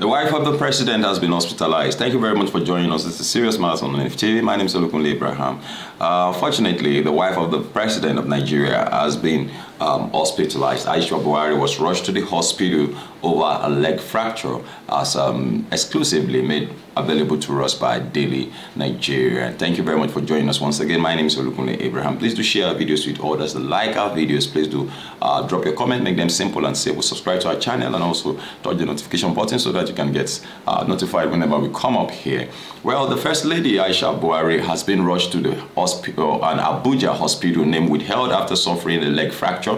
The wife of the president has been hospitalized. Thank you very much for joining us. It's a serious matter on NFTV. My name is Olukunle Abraham. Uh, fortunately, the wife of the president of Nigeria has been um, hospitalized. Aisha Buhari was rushed to the hospital over a leg fracture as um, exclusively made available to us by Daily Nigeria. thank you very much for joining us once again. My name is Olukunle Abraham. Please do share our videos with others. Like our videos. Please do uh, drop your comment. Make them simple and simple. Subscribe to our channel and also touch the notification button so that you can get uh, notified whenever we come up here. Well, the First Lady Aisha Buhari has been rushed to the hospital, uh, an Abuja hospital named withheld after suffering a leg fracture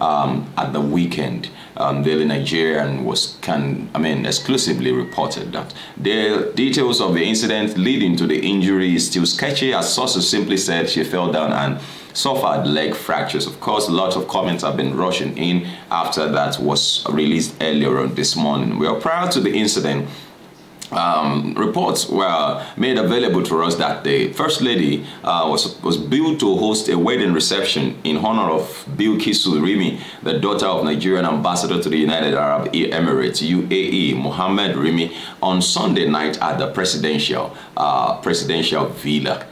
um, at the weekend. Um, Daily Nigerian was can I mean exclusively reported that the details of the incident leading to the injury is still sketchy as sources simply said she fell down and suffered leg fractures. Of course, lots of comments have been rushing in after that was released earlier on this morning. Well, prior to the incident, um, reports were made available to us that the First Lady uh, was, was billed to host a wedding reception in honor of Bill Kisu Rimi, the daughter of Nigerian Ambassador to the United Arab Emirates, UAE, Mohammed Rimi, on Sunday night at the presidential, uh, presidential villa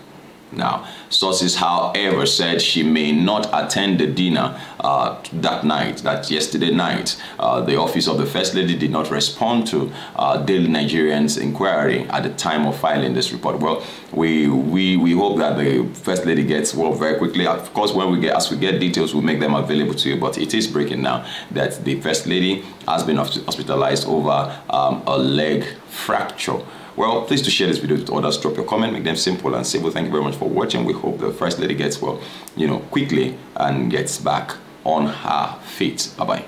now, sources, however, said she may not attend the dinner uh, that night, that yesterday night. Uh, the office of the First Lady did not respond to uh, Daily Nigerian's inquiry at the time of filing this report. Well, we, we, we hope that the First Lady gets well very quickly. Of course, when we get, as we get details, we'll make them available to you, but it is breaking now that the First Lady has been hospitalized over um, a leg fracture. Well, please do share this video with others. Drop your comment, make them simple and simple. Thank you very much for watching. We hope the first lady gets well, you know, quickly and gets back on her feet. Bye-bye.